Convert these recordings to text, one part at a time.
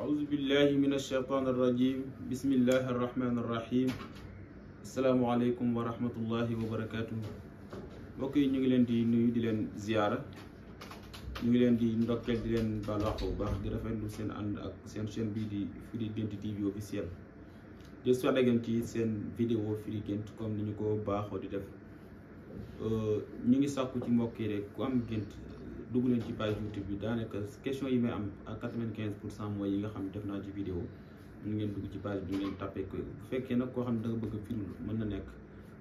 أعوذ بالله من الشيطان الرجيم بسم الله الرحمن الرحيم asalaamaaleykum wa wa barakaatu mbokk yi ñu ngi leen di nuyu di leen ziyaara ñu ngi leen di ndokkeel di leen baal bu baax di rafetlu seen ànd ak seen chaîne bii di Firi Guent TV officiel di soit ak yéen ci seen vidéo Firi Guent comme ni ñu ko baaxoo di def euh, ñu ngi sàkku ci mbokk yi rek ku am gént dugg leen ci page YouTube bi daanaka question yi may am ak quatre-vingt-quinze pour cent mooy yi nga xam ne def naa ci vidéo mun ngeen dugg ci page bi ngeen tàppee ko bu fekkee nag koo xam ne da nga bëgg a film mën na nekk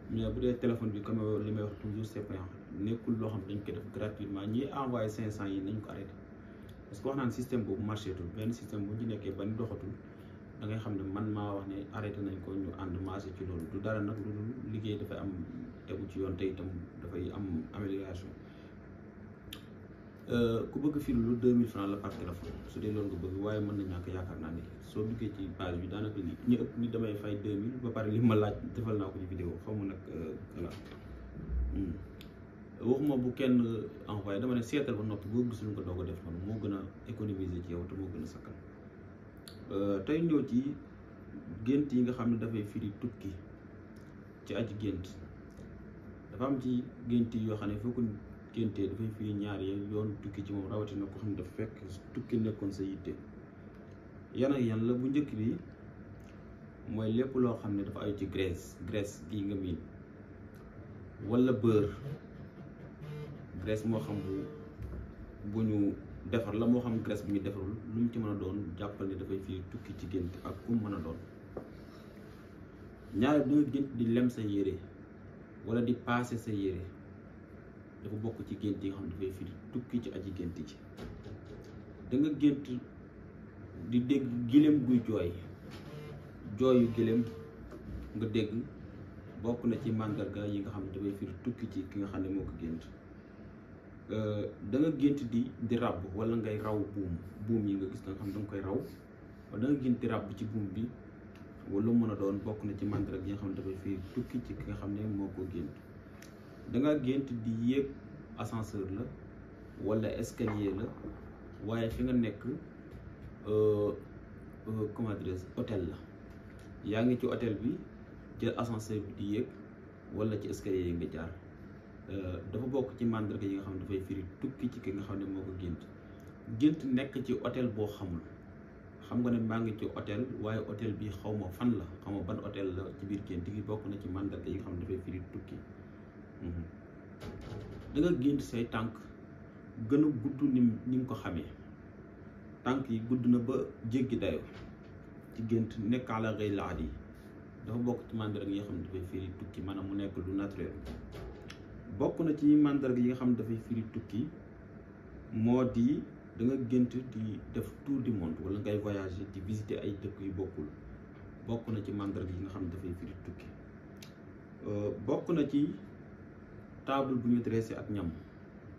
mais bu dee téléphone bi comme li may wax toujours c'est payant nekkul loo xam dañ ko def gratuitement ñi envoyé cinq cent yi nañ ko arrêté parce que wax naan système boobu marché tul benn système bu ñu nekkee ban doxatul da ngay xam ne man maa ne arrêté nañ ko ñu ànd marché ci dara nag lu liggéey dafay am tegu ci yoon te itam dafay am amélioration Euh, ku bëgg firnde 2000 francs la par téléphone su dee loolu nga bëgg waaye mën na ñàkk yaakaar naa ne soo duggee ci page bi daanaka li ñu ëpp ni damay fay 2000 ba pare li ma laaj defal naa ko ci vidéo xaw ma nag euh, voilà hmm. bu kenn envoyé dama ne seetal ba noppi boo gisul nga doog a def man moo gën a économiser ci yow te moo gën a sakkan euh, tey ñëw ci gént yi nga xam ne dafay firi tukki ci aji gént dafa am ci gént yoo xam ne foo ko yitteentee dafay firi ñaar ya yoon tukki ci moom rawatina ko xam dafa fekk tukki nekkoon sa yitte yan ak yan la bu njëkk bi mooy lépp loo xam ne dafa ay ci graisse graisse gii nga miin walla beurre graisse moo xam bu ñu defar la moo xam graisse bu ñu defarul lu mu ci mën a doon jàppal ne dafay firi tukki ci gént ak ku mën a doon ñaar bi nga gént di lem sa yére walla di paase sa yére dafa bokk ci gént yi nga xam ne dafay firi tukki ci aji gént ji da nga gént di dégg giléem guy jooy jooyu giléem nga dégg bokk na ci màndarga yi nga xam ne dafay tukki ci ki nga xam ne moo ko gént da gént di di ràbb wala ngay raw buum buum yi nga gis nga xam da nga koy raw wala di ràbb ci buum bi wala mën a doon bokk na ci màndarga yi nga xam ne dafay firi tukki ci ki nga xam ne moo ko gént danga gént di yéeg ascenseur la walla escalier la waaye fi nga nekk euh, euh, comment dirais hôtel la yaa ngi ci hôtel bi jël ascenseur bi di yéeg walla ci escalier yi nga jaar euh, dafa bokk ci màndarga yi nga xam ne dafay firi tukki ci ki nga xam ne moo ko gént gént nekk ci hôtel boo xamul xam nga ne maa ngi ci hôtel waaye hôtel bi xaw ma fan la xam ma ban hôtel la ci biir gént gi bokk na ci màndarga yi nga xam ne dafay firi tukki Mhm. da nga gént say tànk gën a gudd ni ni nga ko xamee tànk yi gudd na ba jéggi dayo ci gént nekk ala rëy laat yi dafa bokk ci màndarga yi nga xam ne dafay firi tukki maanaam mu nekk lu naturel bokk na ci màndarga yi nga xam ne dafay firi tukki moo di danga nga gént di def tour du monde wala ngay voyager di visiter ay dëkk yu bokkul bokk na ci màndarga yi nga xam ne dafay firi tukki euh, bokk na ci table bu ñu dressé ak ñam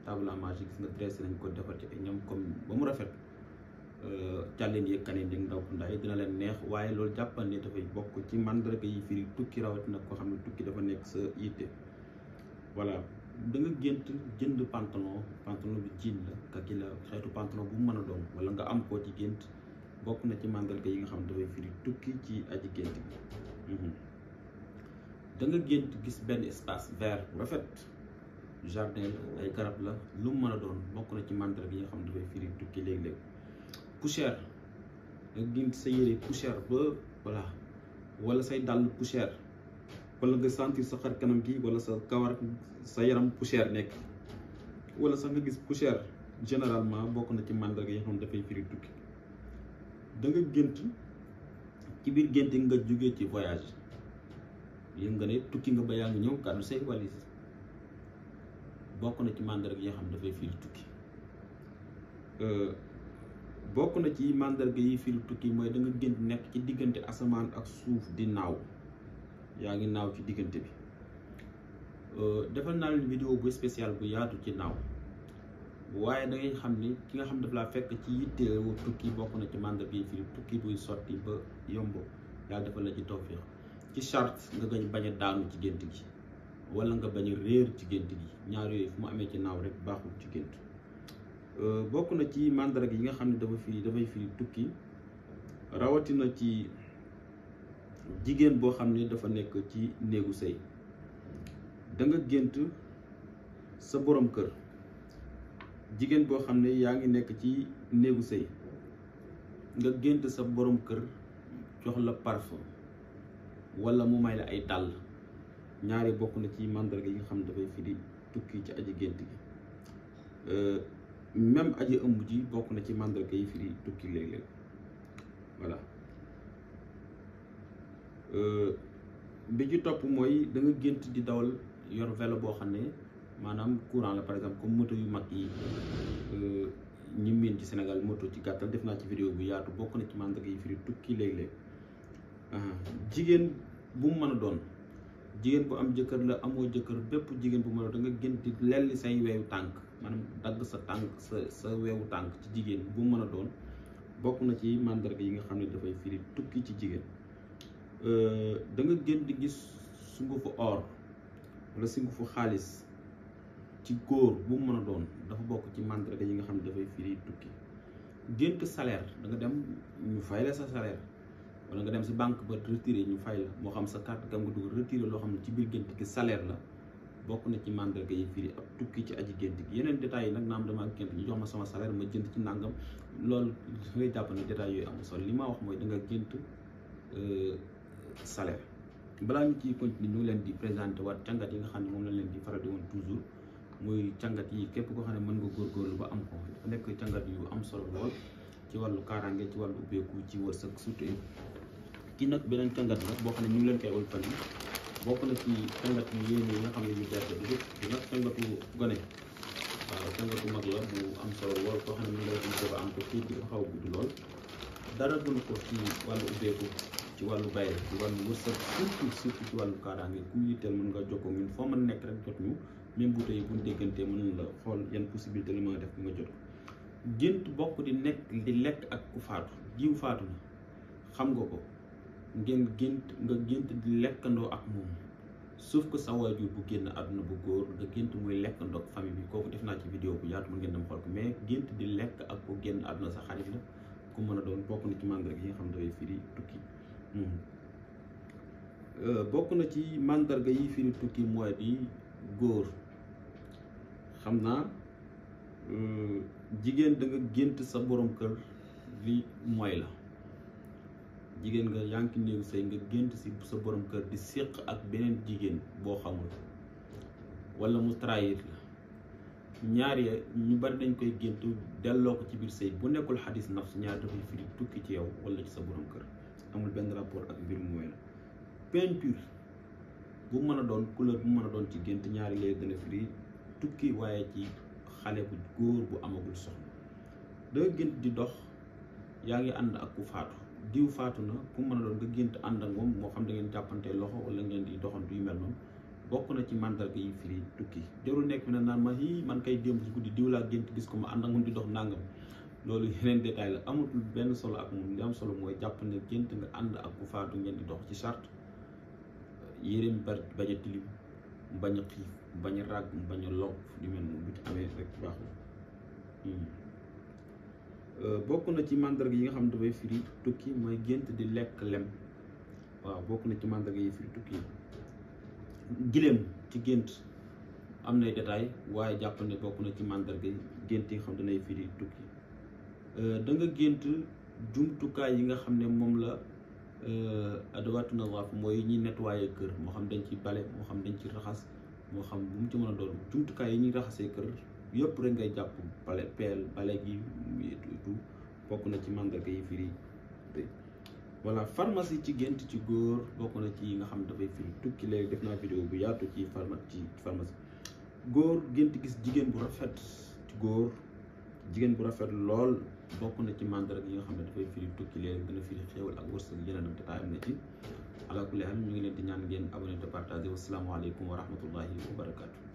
table à manger gis nga dressé nañ ko defar ci ay ñam comme ba mu rafet euh, càlleen yeeg kaneen yeeg ndaw ndaay dina leen neex waaye loolu jàppal ne dafay bokk ci mandarga yi firi tukki rawatina ko xam ne tukki dafa nekk sa yitte voilà da nga gént jënd pantalon pantalon bi jiin la kaki la xeetu pantalon bu mu mën a doon wala nga am koo ci gént bokk na ci mandarga yi nga xam ne dafay firi tukki ci aji gént bi mhm. da gént gis benn espace vert bu rafet jardin ay garab la lu mën a doon bokk na ci mandarga yi nga xam dafay firi tukki léeg-léeg poussière nga gis sa yére poussière ba voilà wala say dàll poussière wala nga sentir sa xar kanam gi wala sa kawar sa yaram poussière nekk walla sax nga gis poussière généralement bokk na ci mandarga yi nga xam dafay firi tukki da gént ci biir gént nga jógee ci voyage yëngu nga ne tukki nga ba yaa ngi ñëw kàddu say valise bokk na ci màndarga yi nga xam ne dafay firi tukki euh, bokk na ci màndarga yi firi tukki mooy danga nga nekk ci diggante asamaan ak suuf di naaw yaa ngi naaw ci diggante bi euh, defal naa leen vidéo bu spécial bu yaatu ci naaw waaye dangay xam ni ki nga xam daf laa fekk ci yitteewu tukki bokk na ci màndarga yi firi tukki buy sotti ba yomb yàlla defal la ci tawféex ci charte nga gën bañ a daanu ci gént gi wala nga bañ réer ci gént gi ñaar yooyu fu mu amee ci naaw rek baaxul ci gént euh, bokk na ci màndarga yi nga xam ne dafa firi dafay firi tukki rawatina ci jigéen boo xam ne dafa nekk ci néegu sëy da nga gént sa boroom kër jigéen boo xam ne yaa ngi nekk ci néegu sëy nga gént sa borom kër jox la parfum wala mu may la ay dàll ñaare bokk na ci màndarga yi nga xam ne dafay firi tukki ci aji gént gi euh, même aji ëmb ji bokk na ci màndarga yi firi tukki léeg-léeg voilà euh, bi ci topp mooy da nga di dawal yor vélo boo xam ne maanaam courant par exemple comme moto yu mag yi euh, ñi miin ci Sénégal moto ci def naa ci vidéo bu yaatu bokk na ci màndarga yi firi tukki léeg-léeg jigéen bu mu mën a doon jigéen bu am jëkkër la amoo jëkkër bépp jigéen bu ma da danga gën di lelli say weewu tànk maanaam dagg sa tànk sa sa weewu tànk ci jigéen bu mën a doon bokk na ci màndarga yi nga xam ne dafay firi tukki ci jigéen euh, da danga gën di gis sungufu or wala sungufu xaalis ci góor bu mën a doon dafa bokk ci màndarga yi nga xam ne dafay firi tukki gént salaire da nga dem ñu fay la sa salaire wala nga dem si banque ba retiré ñu fay la moo xam sa carte gam nga dugg retiré loo xam ne ci biir gént gi salaire la bokk na ci mandarga yi firi ab tukki ci aji gént gi yeneen détails yi nag naam dama gént ñu jox ma sama salaire ma ci nàngam loolu ngay jàpp ne détails yooyu amul solo li ma wax mooy da nga gént euh, salaire balaa ñu ciy continuer ñu leen di présenté waat càngat yi xam ne moom lañ leen di faral di woon toujours muy càngat yi képp koo xam ne mën nga góorgóorlu ba am ko dafa nekk càngat yu am solo lool ci wàllu kaaraange ci wàllu ubbeeku ci wërsëg surtout ki nag beneen kàngat la boo xam ne ñu ngi leen koy wal yi bokk na ci kàngat yu yéen yi nga xam ne ñu gerte bi yëpp di nag kàngatu gone waaw kàngatu mag la bu am solo lool koo xam ne ñu leen am ko fii di dara gën ko ci wàllu ubbeeku ci wàllu bàyyi ci wàllu wërsëg surtout surtout ci wàllu kaaraange ku yitteel foo mën nekk rek jot ñu même bu tey bu ñu déggantee mën la xool yan possibilité la ma def nga jot gént bokk di nekk di lekk ak ku faatu jiw faatu na xam nga ko ngeen gént nga gént di lekkandoo ak moom sauf que sa waajur bu génn na bu góor nga gént muy lekk ak famille bi kooku def naa ci vidéo bu yaatu mën ngeen dem xool ko mais gént di lekk ak ku génn àdduna sa xarit la ku mën a doon bokk na ci màndarga yi nga xam ne dafay firi tukki hmm. euh, bokk na ci màndarga yi firi tukki mooy di góor xam naa euh, jigéen da nga gént sa borom kër li mooy la jigéen nga yaa ngi ci néegu sëy nga gént si sa borom kër di séq ak beneen jigéen boo xamul wala mu trahir la ñaar ya ñu bari dañ koy gént delloo ko ci biir sëy bu nekkul xadis nafs ñaar tukki ci yow wala sa borom kër amul benn rapport ak mbir mu mel peinture mën a doon couleur bu doon ci gént ñaari lay gën tukki waaye ci xale bu góor bu amagul soxna da gént di dox yaa ngi ànd ak ku faatu diw faatu na ku mën a doon nga gént ànd ak moom moo xam ne ngeen jàppante loxo wala ngeen di doxantu yu mel noonu bokk na ci mandarga yi firi tukki jarul nekk fi na naan ma hi man kay démb si guddi diw laa gént gis ko ma ànd ak moom di dox nàngam loolu yeneen détail la amatul benn solo ak moom li am solo mooy jàpp ne gént nga ànd ak ku faatu ngeen di dox ci charte yéreem ba bañ a tilim bañ a xiif bañ a ràgg bañ a log yu mel noonu bu amee Euh, bokk na ci màndarga yi nga xam ne dafay firi tukki mooy gént di lekk lem waaw bokk na ci màndarga yi firi tukki giléem ci gént am nay détail waaye jàpp ne bokk na ci màndarga yi gént yi nga xam danay firi tukki euh, da gént jumtukaay yi nga xam ne moom la euh, adawaatu nawaaf mooy ñu nettoyé kër moo xam dañ ci bale moo xam dañ ci raxas moo xam bu mu ci mën a doon jumtukaay yi ñuy raxasee kër yépp rek ngay jàpp bale peel bale gi tout bokk na ci màndarga yi firi tëj voilà pharmacie ci gént ci góor bokk na ci yi nga xam dafay firi tukki léegi def naa vidéo bu yaatu ci pharma ci pharmacie góor gént gis jigéen bu rafet ci góor jigéen bu rafet lool bokk na ci màndarga yi nga xam ne dafay firi tukki léegi dana firi xéewal ak wërsëg yeneen te am na ci alaakulli am ñu ngi leen di ñaan ngeen abonné te partagé wasalaamualeykum wa rahmatullahi wa